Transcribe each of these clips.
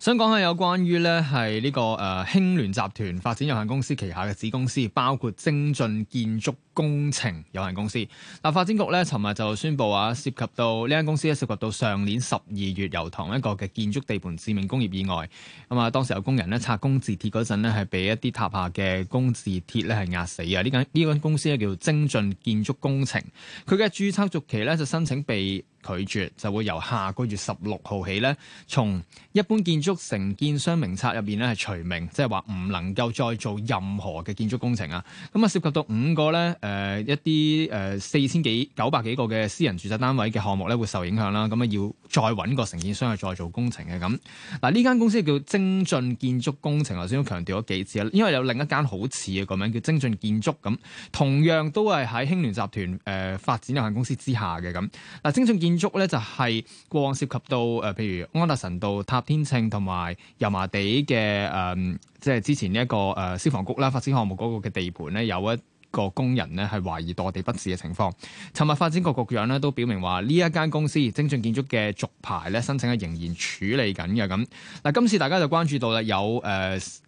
想講下有關於咧，係呢個誒興聯集團發展有限公司旗下嘅子公司，包括精進建築工程有限公司。嗱，發展局咧，尋日就宣布啊，涉及到呢間公司咧，涉及到上年十二月油塘一個嘅建築地盤致命工業意外。咁啊，當時有工人咧拆工字鐵嗰陣咧，係被一啲塔下嘅工字鐵咧係壓死啊！呢間呢間公司咧叫精進建築工程，佢嘅注冊續期咧就申請被。拒絕就會由下個月十六號起，呢從一般建築承建商名冊入面呢係除名，即係話唔能夠再做任何嘅建築工程啊！咁啊涉及到五個呢，誒、呃、一啲誒四千幾九百幾個嘅私人住宅單位嘅項目呢，會受影響啦，咁啊要再揾個承建商去再做工程嘅咁。嗱呢間公司叫精進建築工程，頭先都強調咗幾次，因為有另一間好似嘅個名叫精進建築咁，同樣都係喺興聯集團誒、呃、發展有限公司之下嘅咁。嗱精進建築建築咧就係、是、過往涉及到誒，譬、呃、如安達臣道塔天秤同埋油麻地嘅誒，即、呃、係、就是、之前呢、這、一個誒、呃、消防局啦發展項目嗰個嘅地盤咧，有一個工人咧係懷疑墮地不治嘅情況。尋日發展局局長咧都表明話，呢一間公司精進建築嘅續牌咧申請係仍然處理緊嘅。咁嗱，今次大家就關注到啦，有誒、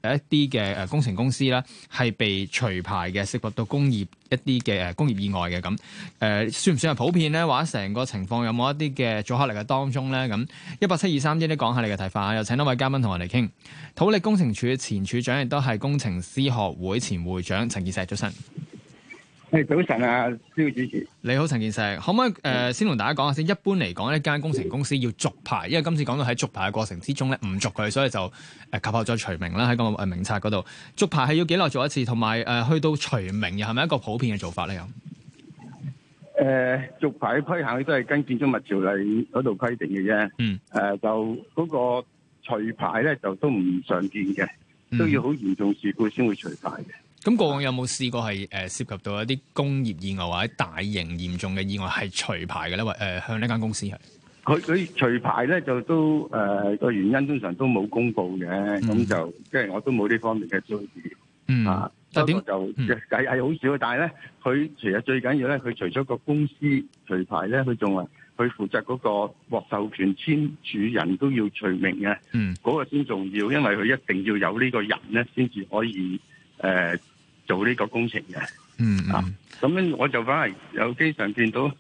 呃、一啲嘅誒工程公司咧係被除牌嘅，涉及到工業。一啲嘅工業意外嘅。咁，算唔算係普遍呢？或者成個情況有冇一啲嘅阻嚇力嘅當中呢？咁一八七二三 D，都講下你嘅睇法。又請多位嘉賓同我哋傾，土力工程處前處長，亦都係工程師學會前會長陳健碩先生。早晨啊，蕭主持，你好，陳健碩，可唔可以誒、呃，先同大家講下先。一般嚟講，一間工程公司要續牌，因為今次講到喺續牌嘅過程之中咧，唔續佢，所以就誒，及後再除名啦，喺個誒名冊嗰度續牌係要幾耐做一次，同埋誒，去到除名又係咪一個普遍嘅做法咧？又、呃、誒，續牌嘅規限都係跟建築物條例嗰度規定嘅啫。嗯。誒、呃，就嗰、那個除牌咧，就都唔常見嘅，都要好嚴重事故先會除牌嘅。咁、那個、過往有冇試過係誒涉及到一啲工業意外或者大型嚴重嘅意外係除牌嘅咧？或、呃、誒向呢間公司係佢，佢除牌咧就都誒個、呃、原因通常都冇公布嘅，咁就即係我都冇呢方面嘅注意。嗯，但係點就計係、嗯啊那個嗯、好少。但係咧，佢其實最緊要咧，佢除咗個公司除牌咧，佢仲係佢負責嗰個獲授權簽署人都要除名嘅。嗯，嗰、那個先重要，因為佢一定要有呢個人咧，先至可以。誒、呃，做呢個工程嘅，嗯，嗯啊，咁我就反而有經常見到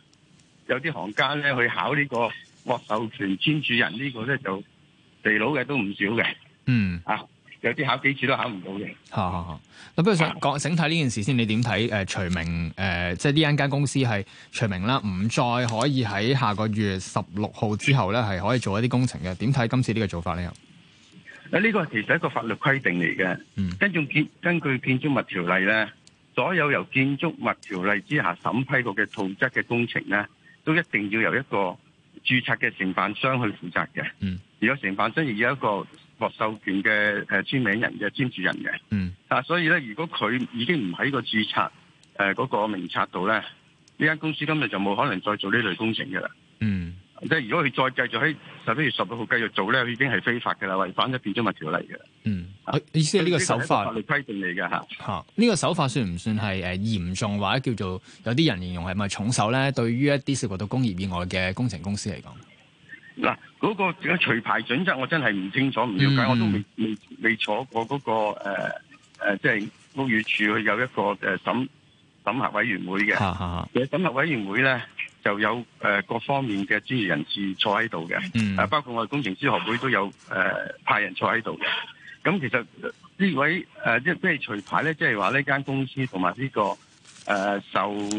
有啲行家咧去考呢個獲授權簽署人個，呢個咧就肥佬嘅都唔少嘅，嗯啊，有啲考幾次都考唔到嘅，好好好，咁、嗯、不如想講，想睇呢件事先，你點睇？誒、呃，除名，誒、呃，即係呢間間公司係除名啦，唔再可以喺下個月十六號之後咧係可以做一啲工程嘅，點睇今次呢個做法咧？呢個其實係一個法律規定嚟嘅，跟住建根據建築物條例咧，所有由建築物條例之下審批過嘅土質嘅工程咧，都一定要由一個註冊嘅承辦商去負責嘅。嗯，而個承辦商而有一個獲授權嘅誒簽名人嘅簽署人嘅。嗯，啊，所以咧，如果佢已經唔喺個註冊誒嗰個名冊度咧，呢間公司今日就冇可能再做呢類工程嘅啦。即係如果佢再繼續喺十一月十六號繼續做咧，佢已經係非法嘅啦，違反咗建築物條例嘅。嗯，意思係呢個手法，法律規定嚟嘅吓。吓、嗯，呢、這個手法算唔算係誒嚴重或者叫做有啲人形容係咪重手咧？對於一啲涉及到工業以外嘅工程公司嚟講，嗱，嗰個除牌準則我真係唔清楚，唔了解、嗯，我都未未未坐過嗰、那個誒誒、呃，即係屋宇處佢有一個誒審審核委員會嘅、嗯嗯。其吓吓，審核委員會咧。就有誒各方面嘅專業人士坐喺度嘅，誒、mm. 包括我哋工程師學會都有誒、呃、派人坐喺度嘅。咁其實呢位誒即係除牌咧，即係話呢間公司同埋、這個呃這個呃那個、呢個誒受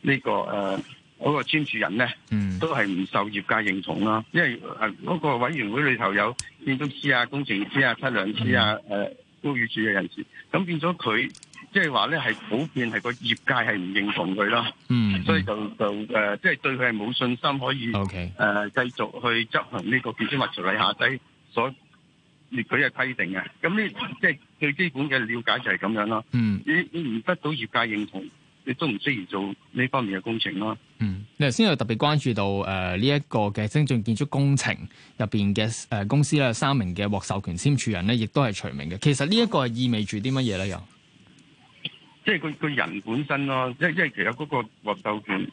呢個誒嗰個簽署人咧，mm. 都係唔受業界認同啦。因為嗰個委員會裏頭有建築師啊、工程師啊、測量師啊、誒、呃、高預算嘅人士，咁變咗佢。即係話咧，係普遍係個業界係唔認同佢啦、嗯，所以就就誒，即、就、係、是、對佢係冇信心，可以誒繼、okay. 呃、續去執行呢個建築物條例下低所列舉嘅規定嘅。咁呢即係最基本嘅了解就係咁樣咯。嗯，你你唔得到業界認同，你都唔適宜做呢方面嘅工程咯。嗯，你頭先又特別關注到誒呢一個嘅精進建築工程入邊嘅誒公司咧，三名嘅獲授權簽署人咧，亦都係除名嘅。其實呢一個係意味住啲乜嘢咧？又？即係佢佢人本身咯，即係其實嗰個獲授權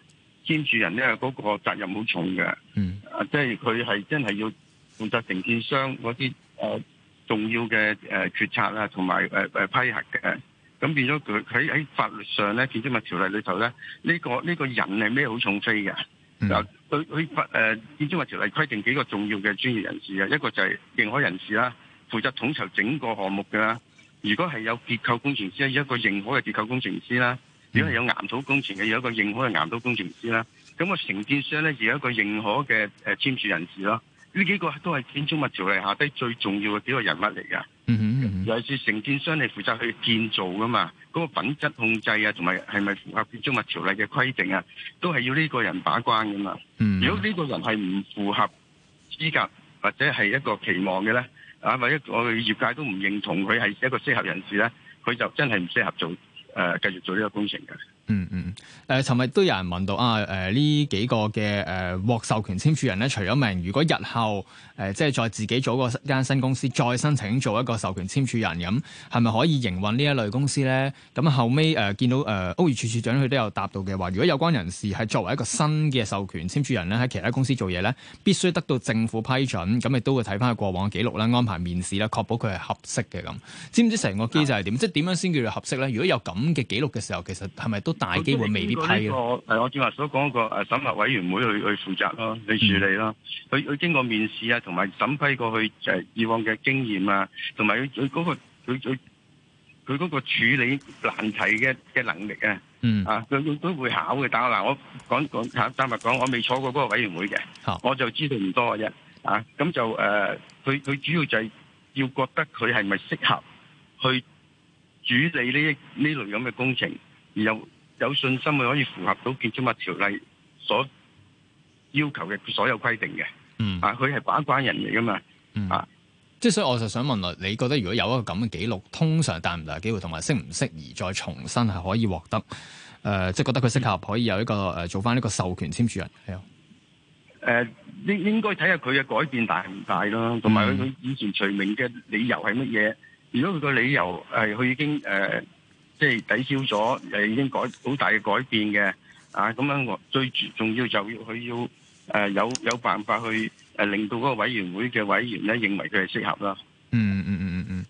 簽署人咧，嗰、嗰個責任好重嘅。嗯、mm.。即係佢係真係要負責承建商嗰啲誒重要嘅誒決策啊，同埋誒批核嘅。咁變咗佢喺喺法律上咧，建築物條例裏頭咧，呢、呢個呢、呢個人係咩好重非嘅？嗯、mm.。就佢佢法建築物條例規定幾個重要嘅專業人士啊，一個就係認可人士啦，負責統籌整個項目嘅啦。如果係有結構工程師啊，有一個認可嘅結構工程師啦，如果係有岩土工程嘅，有一個認可嘅岩土工程師啦。咁個承建商咧，有一個認可嘅誒簽署人士咯。呢幾個都係建築物條例下低最重要嘅幾個人物嚟㗎。嗯哼，尤其是承建商你負責去建造噶嘛，嗰個品質控制啊，同埋係咪符合建築物條例嘅規定啊，都係要呢個人把關噶嘛。Mm -hmm. 如果呢個人係唔符合資格或者係一個期望嘅咧？啊！或者我哋業界都唔認同佢係一個適合人士咧，佢就真係唔適合做誒、呃、繼續做呢個工程㗎。嗯嗯，誒、嗯，尋、呃、日都有人問到啊，呢、呃、幾個嘅誒、呃、獲授權簽署人咧，除咗名，如果日後、呃、即係再自己做個間新公司，再申請做一個授權簽署人咁，係咪可以營運呢一類公司咧？咁、嗯、後尾誒、呃、見到誒屋宇署署長，佢都有答到嘅話，如果有關人士係作為一個新嘅授權簽署人咧，喺其他公司做嘢咧，必須得到政府批准，咁亦都會睇翻佢過往嘅記錄啦，安排面試啦，確保佢係合適嘅咁。知唔知成個機制係點、嗯？即係點樣先叫做合適咧？如果有咁嘅記錄嘅時候，其實係咪都？大機會未必批嘅。誒、嗯這個，我正話所講個誒審核委員會去去負責咯，去處理咯。佢、嗯、佢經過面試啊，同埋審批過去誒以往嘅經驗啊，同埋佢佢嗰個佢佢佢嗰個處理難題嘅嘅能力啊。嗯。啊，佢佢都會考嘅。但係嗱，我講講坦白講，我未坐過嗰個委員會嘅、啊，我就知道唔多嘅啫。啊，咁就誒，佢、呃、佢主要就係要覺得佢係咪適合去處理呢呢類咁嘅工程，而有，有信心佢可以符合到建築物條例所要求嘅所有規定嘅、嗯，啊，佢係把關人嚟噶嘛，啊，即係所以我就想問，落，你覺得如果有一個咁嘅記錄，通常大唔大機會同埋適唔適宜再重新係可以獲得，誒、呃，即係覺得佢適合可以有一個誒、呃、做翻呢個授權簽署人係啊，誒、呃，應應該睇下佢嘅改變大唔大啦，同埋佢以前除名嘅理由係乜嘢？如果佢個理由誒，佢已經。誒、呃。即係抵消咗，誒已經改好大嘅改變嘅，啊咁樣我最重要就係要佢要誒有有辦法去誒、呃、令到嗰個委員會嘅委員咧認為佢係適合啦。嗯嗯嗯嗯嗯嗯。誒、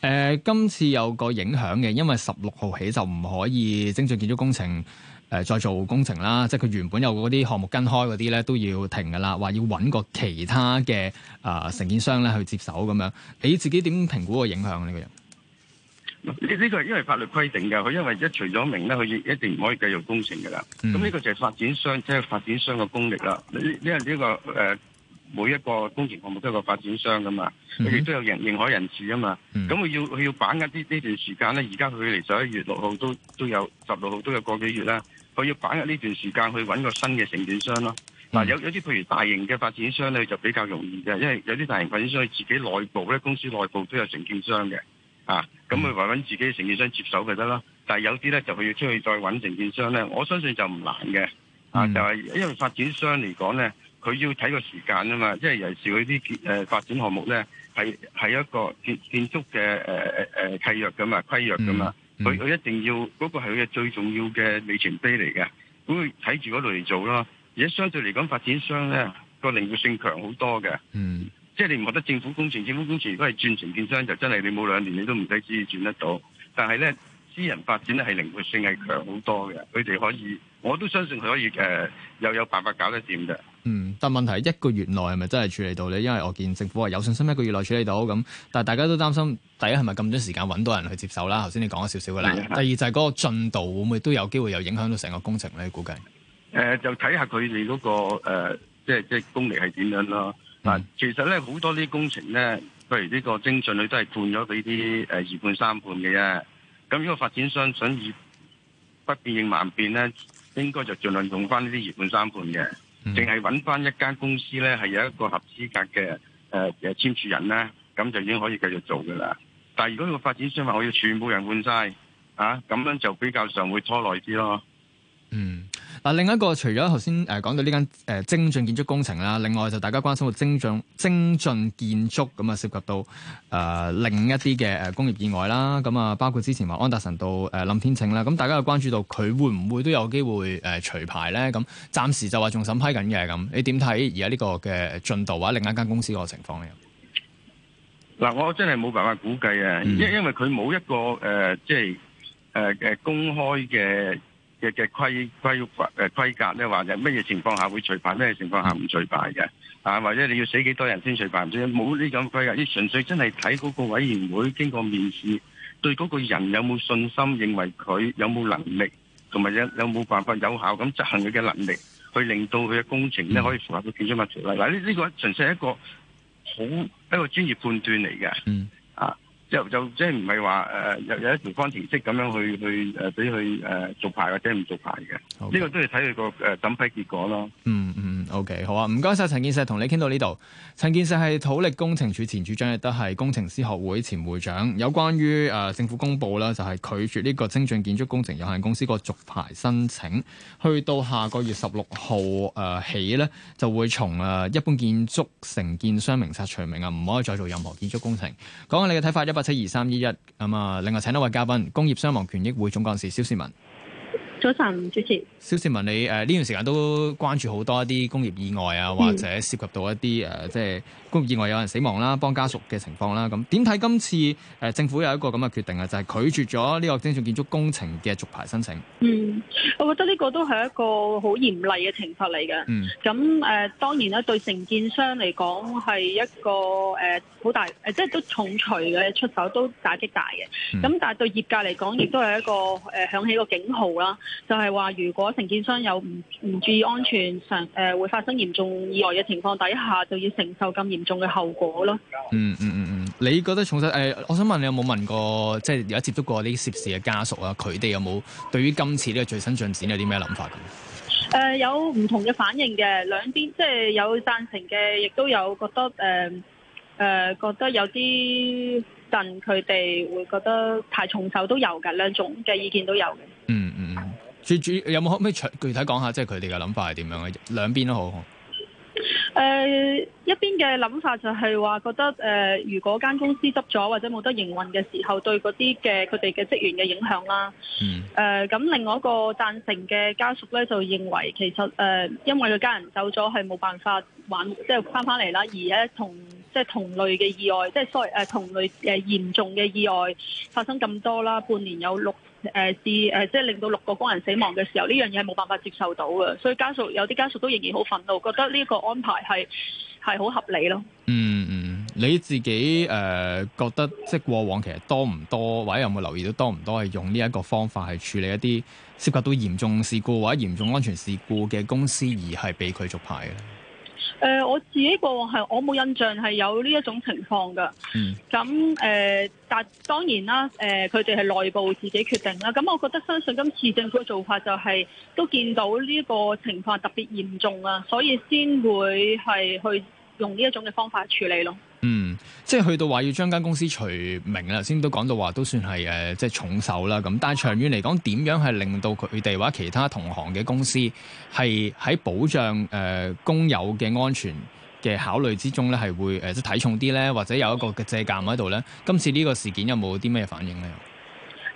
嗯呃、今次有個影響嘅，因為十六號起就唔可以精進建築工程誒、呃，再做工程啦。即係佢原本有嗰啲項目跟開嗰啲咧都要停㗎啦，話要搵個其他嘅啊承建商咧去接手咁樣。你自己點評估個影響呢個人？呢呢個係因為法律規定嘅，佢因為一除咗名咧，佢一定唔可以繼續工程嘅啦。咁、嗯、呢個就係發展商即係、就係、發展商嘅功力啦。呢呢、呢個呢、呃、每一個工程項目都係個發展商噶嘛，佢、嗯、亦都有認認可人士啊嘛。咁、嗯、佢要佢要把握啲呢段時間咧，而家佢離十一月六號都都有十六號都有個幾月啦。佢要把握呢段時間去揾個新嘅承建商咯。嗱、嗯、有有啲譬如大型嘅發展商咧就比較容易嘅，因為有啲大型發展商佢自己內部咧公司內部都有承建商嘅。咁佢揾揾自己承建商接手咪得啦，但係有啲咧就佢要出去再揾承建商咧，我相信就唔難嘅。啊、嗯，就係因為發展商嚟講咧，佢要睇個時間啊嘛，因為尤其是佢啲建誒發展項目咧係係一個建建築嘅誒誒契約噶嘛，規約噶嘛，佢、嗯、佢、嗯、一定要嗰個係佢嘅最重要嘅里程碑嚟嘅，咁佢睇住嗰度嚟做啦。而且相對嚟講，發展商咧個靈活性強好多嘅。嗯。即係你唔覺得政府工程，政府工程如果係轉承建商，就真係你冇兩年你都唔使知轉得到。但係咧，私人發展咧係靈活性係強好多嘅，佢哋可以，我都相信佢可以誒、呃、又有辦法搞得掂嘅。嗯，但係問題一個月內係咪真係處理到咧？因為我見政府話有信心一個月內處理到咁，但係大家都擔心第一係咪咁多時間揾到人去接手啦？頭先你講咗少少嘅啦。第二就係嗰個進度會唔會都有機會又影響到成個工程咧？你估計誒、呃、就睇下佢哋嗰個、呃、即係即係功力係點樣咯。嗱、嗯嗯，其實咧好多啲工程咧，譬如呢個精進，佢都係判咗俾啲二判三判嘅啫。咁如果發展商想以不變應萬變咧，應該就儘量用翻呢啲二判三判嘅，淨係揾翻一間公司咧係有一個合資格嘅誒嘅簽署人咧，咁就已經可以繼續做嘅啦。但如果個發展商話我要全部人換晒，啊咁樣就比較上會拖耐啲咯。嗯，嗱，另外一個除咗頭先誒講到呢間誒精進建築工程啦，另外就大家關心到精進精進建築咁啊，涉及到誒、呃、另一啲嘅誒工業意外啦，咁啊包括之前話安達臣道誒林天慶啦，咁大家又關注到佢會唔會都有機會誒除牌咧？咁暫時就話仲審批緊嘅咁，你點睇而家呢個嘅進度或者另一間公司個情況咧？嗱，我真係冇辦法估計啊、嗯，因因為佢冇一個誒、呃、即係誒誒公開嘅。嘅嘅規規誒規格咧，或有乜嘢情況下會除牌，咩嘢情況下唔除牌嘅，啊，或者你要死幾多人先除牌，唔冇呢種規格，依純粹真係睇嗰個委員會經過面試，對嗰個人有冇信心，認為佢有冇能力，同埋有有冇辦法有效咁執行佢嘅能力，去令到佢嘅工程咧可以符合到建築物條例。嗱，呢呢個純粹係一個好一個專業判斷嚟嘅，嗯啊。就即係唔係話有有一條方程式咁樣去去俾佢誒續牌或者唔續牌嘅？呢、okay. 個都係睇佢個誒審批結果咯。嗯嗯，OK，好啊，唔該晒。陳健碩同你傾到呢度。陳健碩係土力工程處前處長，亦都係工程師學會前會長。有關於、呃、政府公佈啦，就係、是、拒絕呢個精進建築工程有限公司個續牌申請。去到下個月十六號起呢，就會從一般建築承建商名冊除名啊，唔可以再做任何建築工程。講下你嘅睇法，一七二三一一咁啊。另外請一位嘉賓，工業傷亡權益會總幹事蕭倩文。早晨，主持。蕭倩文，你誒呢、呃、段時間都關注好多一啲工業意外啊，或者涉及到一啲誒、嗯呃、即係。意外有人死亡啦，幫家屬嘅情況啦，咁點睇今次誒、呃、政府有一個咁嘅決定啊，就係、是、拒絕咗呢個精進建築工程嘅續牌申請。嗯，我覺得呢個都係一個好嚴厲嘅懲罰嚟嘅。咁、嗯、誒、呃、當然啦，對承建商嚟講係一個誒好、呃、大誒、呃，即係都重槌嘅出手，都打擊大嘅。咁、嗯、但係對業界嚟講，亦都係一個誒、呃、響起個警號啦，就係、是、話如果承建商有唔唔注意安全，上誒、呃、會發生嚴重意外嘅情況底下，就要承受咁嚴。重嘅後果咯。嗯嗯嗯嗯，你覺得重手？誒、哎，我想問你有冇問過，即係而家接觸過啲涉事嘅家屬啊？佢哋有冇對於今次呢個最新進展有啲咩諗法咁？誒、呃，有唔同嘅反應嘅兩邊，即係有贊成嘅，亦都有覺得誒誒、呃呃，覺得有啲陣，佢哋會覺得太重手都有㗎，兩種嘅意見都有嘅。嗯嗯嗯，嗯主主有冇可唔可以具體講下，即係佢哋嘅諗法係點樣嘅？兩邊都好。誒、uh, 一邊嘅諗法就係話覺得誒，uh, 如果間公司執咗或者冇得營運嘅時候，對嗰啲嘅佢哋嘅職員嘅影響啦。誒咁，另外一個贊成嘅家屬咧，就認為其實誒，uh, 因為佢家人走咗，係冇辦法挽回，即係翻返嚟啦。而咧同即係、就是、同類嘅意外，即係所謂誒同類誒嚴重嘅意外發生咁多啦，半年有六。誒是誒，即係令到六個工人死亡嘅時候，呢樣嘢係冇辦法接受到嘅，所以家屬有啲家屬都仍然好憤怒，覺得呢一個安排係係好合理咯。嗯嗯，你自己誒、呃、覺得即係過往其實多唔多，或者有冇留意到多唔多係用呢一個方法去處理一啲涉及到嚴重事故或者嚴重安全事故嘅公司而，而係畀佢續牌。嘅。誒、呃、我自己過往係我冇印象係有呢一種情況㗎。嗯。咁、呃、誒，但當然啦，誒佢哋係內部自己決定啦。咁我覺得相信今次政府嘅做法就係、是、都見到呢個情況特別嚴重啊，所以先會係去用呢一種嘅方法處理咯。嗯、即係去到話要將間公司除名啦，頭先都講到話都算係誒、呃，即係重手啦，咁。但係長遠嚟講，點樣係令到佢哋或者其他同行嘅公司係喺保障誒工友嘅安全嘅考慮之中咧，係會誒即係睇重啲咧，或者有一個嘅借鑒喺度咧？今次呢個事件有冇啲咩反應咧？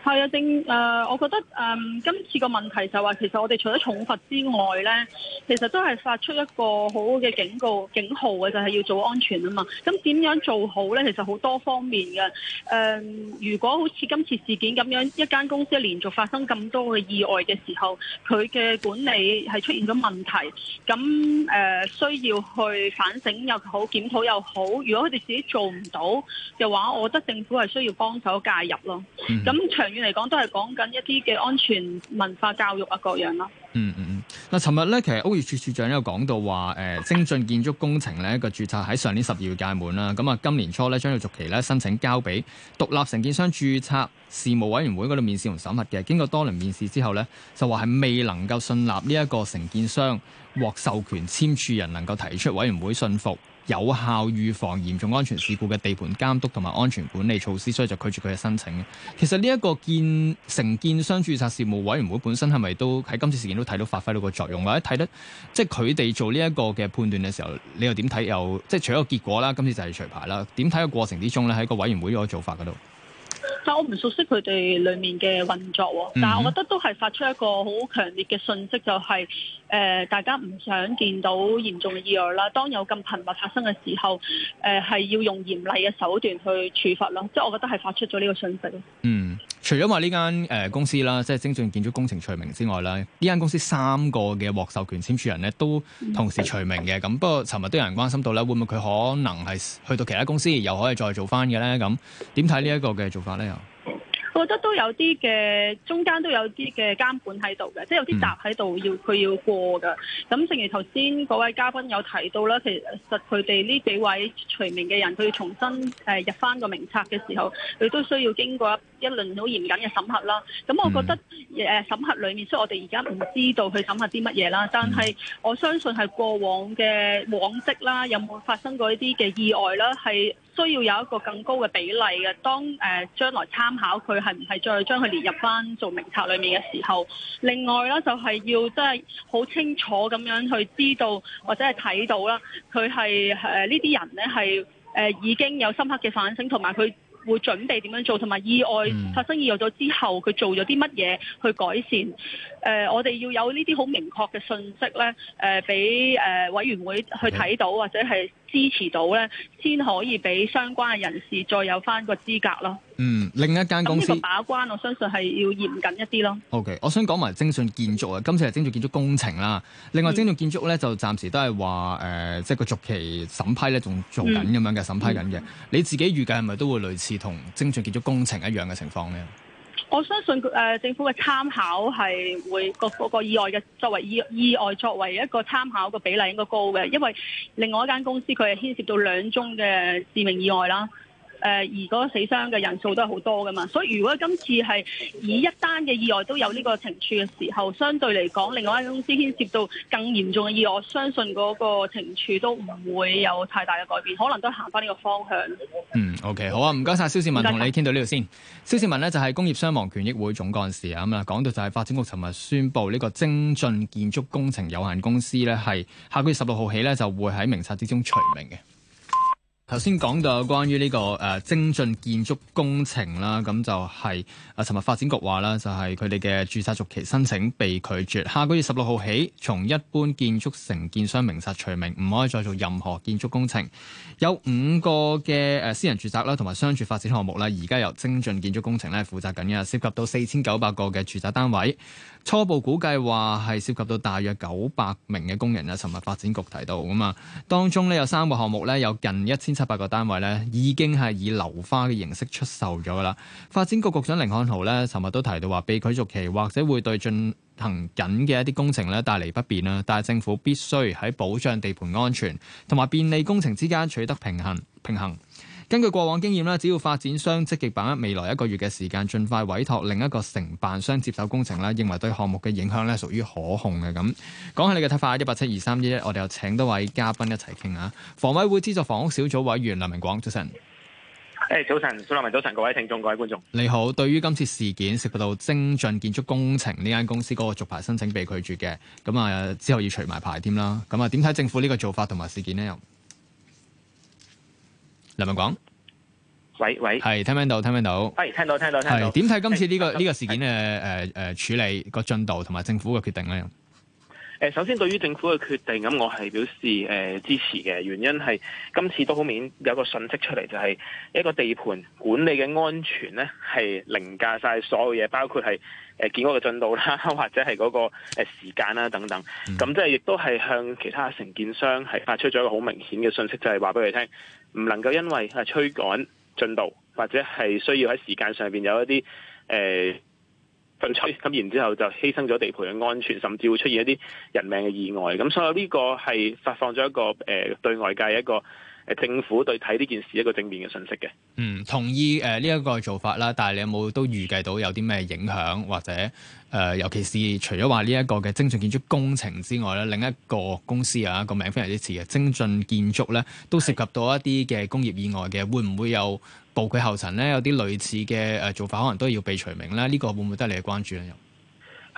係啊，正、呃、誒，我覺得誒、呃，今次個問題就話，其實我哋除咗重罰之外咧，其實都係發出一個好好嘅警告警號嘅，就係、是、要做安全啊嘛。咁點樣做好咧？其實好多方面嘅誒、呃。如果好似今次事件咁樣，一間公司連續發生咁多嘅意外嘅時候，佢嘅管理係出現咗問題，咁、呃、需要去反省又好檢討又好。如果佢哋自己做唔到嘅話，我覺得政府係需要幫手介入咯。咁、嗯、長嚟講都係講緊一啲嘅安全文化教育啊，各樣咯。嗯嗯嗯，嗱，尋日咧，其實屋宇署署長有講到話，誒，精進建築工程咧個註冊喺上年十二月屆滿啦。咁啊，今年初咧，將要續期咧申請交俾獨立承建商註冊事務委員會嗰度面試同審核嘅。經過多輪面試之後呢，就話係未能夠信納呢一個承建商獲授權簽署人能夠提出委員會信服，有效預防嚴重安全事故嘅地盤監督同埋安全管理措施，所以就拒絕佢嘅申請。其實呢一個建承建商註冊事務委員會本身係咪都喺今次事件都睇到發揮到個作用？或者睇得即係佢哋做呢一個嘅判斷嘅時候，你又點睇？又即係除咗個結果啦，今次就係除牌啦。點睇個過程之中咧，喺個委員會嗰個做法嗰度？但我唔熟悉佢哋裏面嘅運作，但係我覺得都係發出一個好強烈嘅訊息，就係、是、誒、呃、大家唔想見到嚴重嘅意外啦。當有咁頻密發生嘅時候，誒、呃、係要用嚴厲嘅手段去處罰咯。即係我覺得係發出咗呢個訊息。嗯。除咗話呢間公司啦，即係精進建築工程除名之外啦，呢間公司三個嘅獲授權簽署人咧都同時除名嘅。咁不過尋日都有人關心到咧，會唔會佢可能係去到其他公司又可以再做返嘅咧？咁點睇呢一個嘅做法咧？又？我覺得都有啲嘅，中間都有啲嘅監管喺度嘅，即係有啲閘喺度，要佢要過嘅。咁正如頭先嗰位嘉賓有提到啦，其實佢哋呢幾位除名嘅人，佢要重新、呃、入翻個名冊嘅時候，佢都需要經過一輪好嚴謹嘅審核啦。咁我覺得誒審核裏面，所以我哋而家唔知道佢審核啲乜嘢啦。但係我相信係過往嘅往績啦，有冇發生過一啲嘅意外啦？係。需要有一個更高嘅比例嘅，當誒、呃、將來參考佢係唔係再將佢列入返做名冊裡面嘅時候，另外咧就係、是、要真係好清楚咁樣去知道或者係睇到啦，佢係誒呢啲人咧係誒已經有深刻嘅反省，同埋佢會準備點樣做，同埋意外發生意外咗之後佢做咗啲乜嘢去改善。誒、呃，我哋要有呢啲好明確嘅信息咧，誒俾誒委員會去睇到或者係。支持到咧，先可以俾相關嘅人士再有翻個資格咯。嗯，另一間公司把關，我相信係要嚴謹一啲咯。OK，我想講埋精進建築啊，今次係精進建築工程啦。另外，精進建築咧就暫時都係話誒，即係個續期審批咧，仲做緊咁樣嘅審批緊嘅。你自己預計係咪都會類似同精進建築工程一樣嘅情況咧？我相信、呃、政府嘅參考係會個，個意外嘅作為意意外作為一個參考嘅比例應該高嘅，因為另外一間公司佢係牽涉到兩宗嘅致命意外啦。誒而嗰死傷嘅人數都係好多噶嘛，所以如果今次係以一單嘅意外都有呢個懲處嘅時候，相對嚟講，另外一間公司牽涉到更嚴重嘅意外，相信嗰個懲處都唔會有太大嘅改變，可能都行翻呢個方向。嗯，OK，好啊，唔該晒。蕭倩文同你傾到呢度先。蕭倩文呢就係、是、工業傷亡權益會總幹事啊，咁啊講到就係發展局尋日宣布呢個精進建築工程有限公司呢，係下個月十六號起呢就會喺名冊之中除名嘅。頭先講到關於呢、這個誒精、呃、進建築工程啦，咁就係、是、啊，尋、呃、日發展局話啦，就係佢哋嘅註冊續期申請被拒絕。下個月十六號起，從一般建築承建商名冊除名，唔可以再做任何建築工程。有五個嘅誒私人住宅啦，同埋商住發展項目啦，而家由精進建築工程咧負責緊嘅，涉及到四千九百個嘅住宅單位，初步估計話係涉及到大約九百名嘅工人啊。尋日發展局提到咁啊，當中呢有三個項目呢，有近一千。七八個單位咧，已經係以樓花嘅形式出售咗噶啦。發展局局長凌漢豪咧，尋日都提到話，被拒續期或者會對進行緊嘅一啲工程咧帶嚟不便啦。但係政府必須喺保障地盤安全同埋便利工程之間取得平衡平衡。根據過往經驗啦，只要發展商積極把握未來一個月嘅時間，盡快委託另一個承辦商接手工程啦，認為對項目嘅影響咧屬於可控嘅。咁講下你嘅睇法，一八七二三一一，我哋又請多位嘉賓一齊傾下。房委會資助房屋小組委員梁文廣，早晨。誒、hey,，早晨，早梁文廣早晨，各位聽眾，各位觀眾，你好。對於今次事件，涉及到精進建築工程呢間公司嗰個續牌申請被拒絕嘅，咁啊之後要除埋牌添啦。咁啊，點睇政府呢個做法同埋事件呢？又？梁文廣，喂喂，係聽唔聽到？聽唔聽到？係聽到，聽到，聽到。點、哎、睇今次呢、這個呢、這個事件嘅誒誒處理個進度同埋政府嘅決定咧？誒，首先對於政府嘅決定，咁我係表示誒、呃、支持嘅，原因係今次都好明顯，有個訊息出嚟，就係、是、一個地盤管理嘅安全咧，係凌駕晒所有嘢，包括係誒建屋嘅進度啦，或者係嗰個誒時間啦等等。咁、嗯、即係亦都係向其他承建商係發出咗一個好明顯嘅訊息，就係話俾佢聽。唔能夠因為係催趕進度，或者係需要喺時間上邊有一啲誒緊咁然之後就犧牲咗地盤嘅安全，甚至會出現一啲人命嘅意外。咁所以呢個係發放咗一個誒、呃、對外界嘅一個。政府對睇呢件事一個正面嘅信息嘅。嗯，同意誒呢一個做法啦，但係你有冇都預計到有啲咩影響，或者誒、呃、尤其是除咗話呢一個嘅精進建築工程之外咧，另一個公司啊個名非常之似嘅精進建築咧，都涉及到一啲嘅工業意外嘅，的會唔會有步佢後塵咧？有啲類似嘅誒做法，可能都要被除名咧。呢、呢個會唔會得你嘅關注咧？又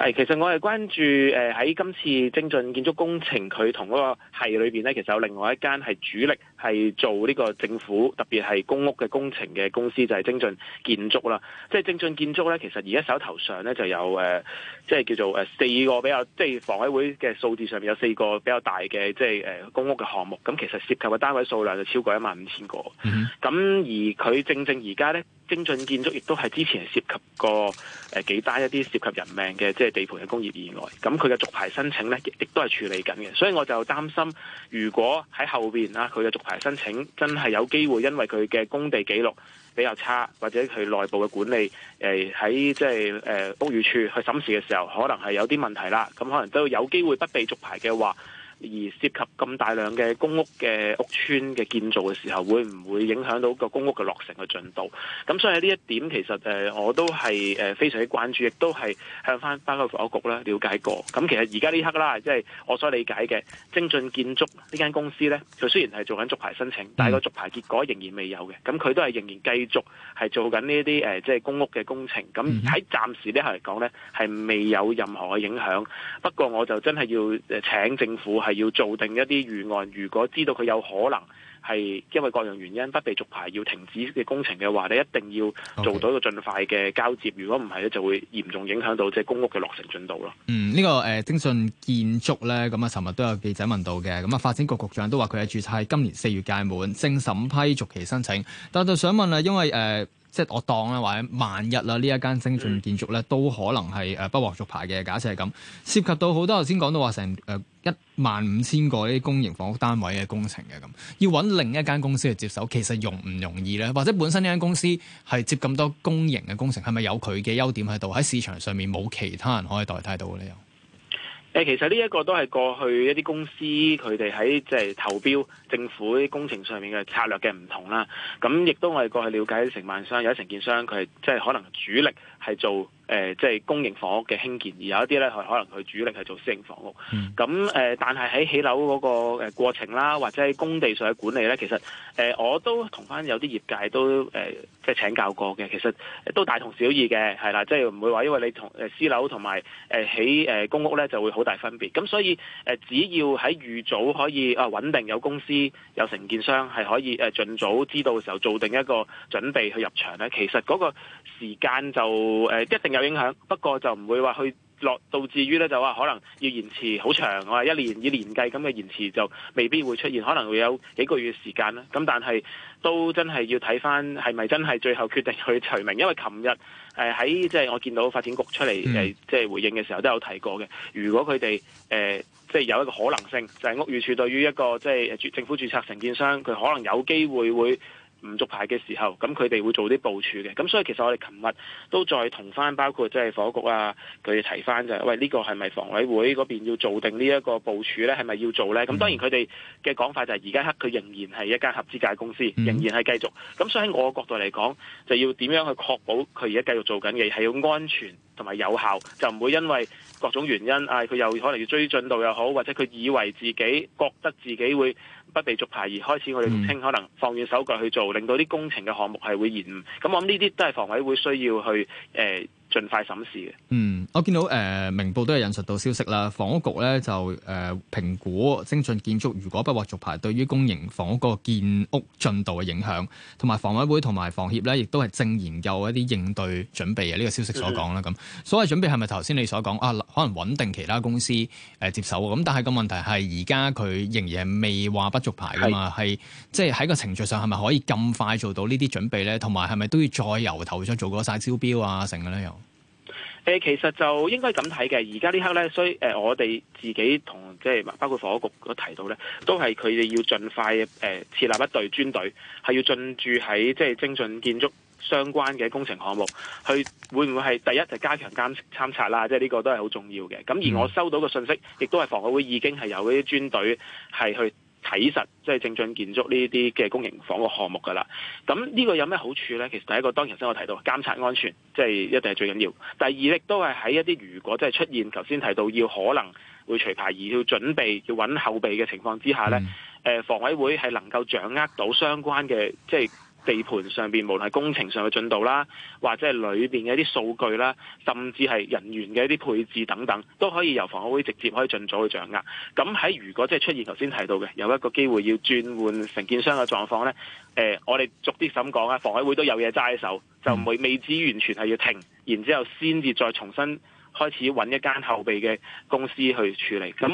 係其實我係關注誒喺、呃、今次精進建築工程，佢同嗰個係裏邊咧，其實有另外一間係主力。係做呢個政府特別係公屋嘅工程嘅公司，就係、是、精進建築啦。即、就、係、是、精進建築呢，其實而家手頭上呢就有即係、呃就是、叫做四個比較，即、就、係、是、房委會嘅數字上面有四個比較大嘅，即、就、係、是呃、公屋嘅項目。咁其實涉及嘅單位數量就超過一萬五千個。咁、mm -hmm. 而佢正正而家呢，精進建築亦都係之前係涉及過誒幾單一啲涉及人命嘅，即、就、係、是、地盤嘅工業意外。咁佢嘅續牌申請呢，亦都係處理緊嘅。所以我就擔心，如果喺後邊啦，佢嘅續排申請真係有機會，因為佢嘅工地記錄比較差，或者佢內部嘅管理誒喺即係誒屋宇署去審視嘅時候，可能係有啲問題啦。咁可能都有機會不被續牌嘅話。而涉及咁大量嘅公屋嘅屋邨嘅建造嘅時候，會唔會影響到個公屋嘅落成嘅進度？咁所以呢一點其實誒、呃、我都係誒非常之關注，亦都係向翻翻個房屋局咧了解過，咁其實而家呢一刻啦，即係我所理解嘅精進建築呢間公司咧，佢雖然係做緊續牌申請，但係個續牌結果仍然未有嘅。咁佢都係仍然繼續係做緊呢啲誒即係公屋嘅工程。咁喺暫時呢一刻嚟講咧，係未有任何嘅影響，不過我就真係要誒請政府。係要做定一啲預案，如果知道佢有可能係因為各樣原因不被續牌，要停止嘅工程嘅話，你一定要做到一個盡快嘅交接。如果唔係咧，就會嚴重影響到即係公屋嘅落成進度咯。嗯，呢個誒，精進建築咧，咁啊，尋日都有記者問到嘅，咁啊，發展局局長都話佢係註冊今年四月屆滿，正審批續期申請，但係就想問啦因為誒。呃即係我當啦，或者萬一啦，呢一間精進建築咧，都可能係誒不獲續牌嘅。假設係咁，涉及到好多頭先講到話成誒一萬五千個呢啲公營房屋單位嘅工程嘅，咁，要揾另一間公司去接手，其實容唔容易咧？或者本身呢間公司係接咁多公營嘅工程，係咪有佢嘅優點喺度？喺市場上面冇其他人可以代替到嘅又？誒，其實呢一個都係過去一啲公司佢哋喺即係投標。政府啲工程上面嘅策略嘅唔同啦，咁亦都我哋過去了解啲承辦商，有啲承建商佢係即係可能主力係做誒即係公營房屋嘅興建，而有一啲咧佢可能佢主力係做私營房屋。咁誒、呃、但係喺起樓嗰個誒過程啦，或者喺工地上嘅管理咧，其實誒、呃、我都同翻有啲業界都誒即係請教過嘅，其實都大同小異嘅，係啦，即係唔會話，因為你同誒私樓同埋誒起誒公屋咧就會好大分別，咁所以誒、呃、只要喺預早可以啊穩定有公司。有承建商係可以誒盡早知道嘅時候做定一個準備去入場咧，其實嗰個時間就、呃、一定有影響，不過就唔會話去落導致於咧就話可能要延遲好長，我話一年以年計咁嘅延遲就未必會出現，可能會有幾個月時間啦。咁但係都真係要睇翻係咪真係最後決定去除名，因為琴日誒喺即係我見到發展局出嚟誒即係回應嘅時候都有提過嘅，如果佢哋即係有一個可能性，就係、是、屋宇署對於一個即係政府註冊承建商，佢可能有機會會。唔續牌嘅時候，咁佢哋會做啲部署嘅。咁所以其實我哋琴日都再同翻，包括即係房屋局啊，佢哋提翻就係、是：喂，呢、這個係咪房委會嗰邊要做定呢一個部署呢？係咪要做呢？」咁當然佢哋嘅講法就係而家刻佢仍然係一間合資格公司，仍然係繼續。咁所以喺我角度嚟講，就要點樣去確保佢而家繼續做緊嘅係要安全同埋有效，就唔會因為各種原因啊，佢又可能要追進度又好，或者佢以為自己覺得自己會不被續牌而開始，我哋稱可能放軟手腳去做，令到啲工程嘅項目係會延誤。咁我諗呢啲都係房委會需要去誒。盡快審視嘅。嗯，我見到誒、呃、明報都有引述到消息啦，房屋局咧就誒、呃、評估精進建築，如果不獲續牌，對於公營房屋個建屋進度嘅影響，同埋房委會同埋房協咧，亦都係正研究一啲應對準備嘅呢、呢個消息所講啦。咁、嗯、所謂準備係咪頭先你所講啊？可能穩定其他公司、呃、接手。咁但係個問題係而家佢仍然係未話不續牌㗎嘛？係即係喺個程序上係咪可以咁快做到呢啲準備咧？同埋係咪都要再由頭上做過晒招標啊？成嘅咧又？其實就應該咁睇嘅，而家呢刻咧，所以、呃、我哋自己同即係包括房屋局都提到咧，都係佢哋要盡快誒設立一隊專隊，係要進駐喺即係精進建築相關嘅工程項目，去會唔會係第一就加強監察啦、啊？即係呢個都係好重要嘅。咁而我收到嘅信息，亦都係房委會已經係有啲專隊係去。睇實即係、就是、精進建築呢啲嘅公營房屋項目㗎啦，咁呢個有咩好處呢？其實第一個當然頭先我提到監察安全，即、就、係、是、一定係最緊要。第二，亦都係喺一啲如果即係出現頭先提到要可能會除牌而要準備要揾後備嘅情況之下呢，誒、嗯呃、房委會係能夠掌握到相關嘅即係。就是地盤上邊，無論係工程上嘅進度啦，或者係裏邊嘅一啲數據啦，甚至係人員嘅一啲配置等等，都可以由房委會直接可以盡早去掌握。咁喺如果即係出現頭先提到嘅，有一個機會要轉換承建商嘅狀況呢，誒、呃，我哋逐啲審講啊，房委會都有嘢揸喺手，就未未知完全係要停，然之後先至再重新開始揾一間後備嘅公司去處理。咁，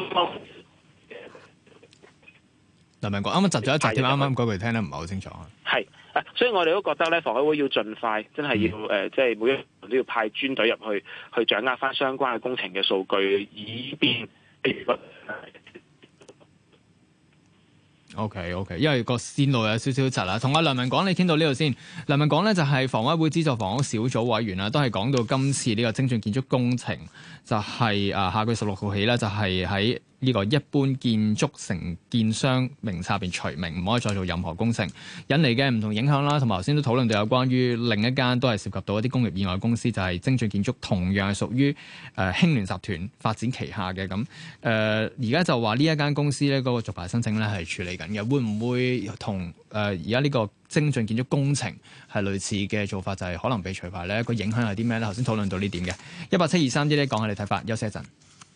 林明國啱啱集咗一集，啱啱嗰句聽得唔係好清楚。係。所以我哋都覺得咧，房委會要盡快，真係要誒，即、嗯、係、呃、每一輪都要派專隊入去，去掌握返相關嘅工程嘅數據，以便譬如 O K O K，因為個線路有少少窒啦。同阿梁文廣你傾到呢度先。梁文廣咧就係房委會資助房屋小組委員啦，都係講到今次呢個精進建築工程，就係、是、誒下個月十六號起咧，就係喺。呢、這個一般建築承建商名冊入邊除名，唔可以再做任何工程，引嚟嘅唔同影響啦。同埋頭先都討論到有關於另一間都係涉及到一啲工業以外嘅公司，就係、是、精進建築，同樣係屬於誒興、呃、聯集團發展旗下嘅。咁誒而家就話呢一間公司咧，嗰個續牌申請咧係處理緊嘅，會唔會同誒而家呢個精進建築工程係類似嘅做法，就係可能被除牌咧？個影響係啲咩咧？頭先討論到呢點嘅一八七二三 D 咧，講下你睇法，休息一陣。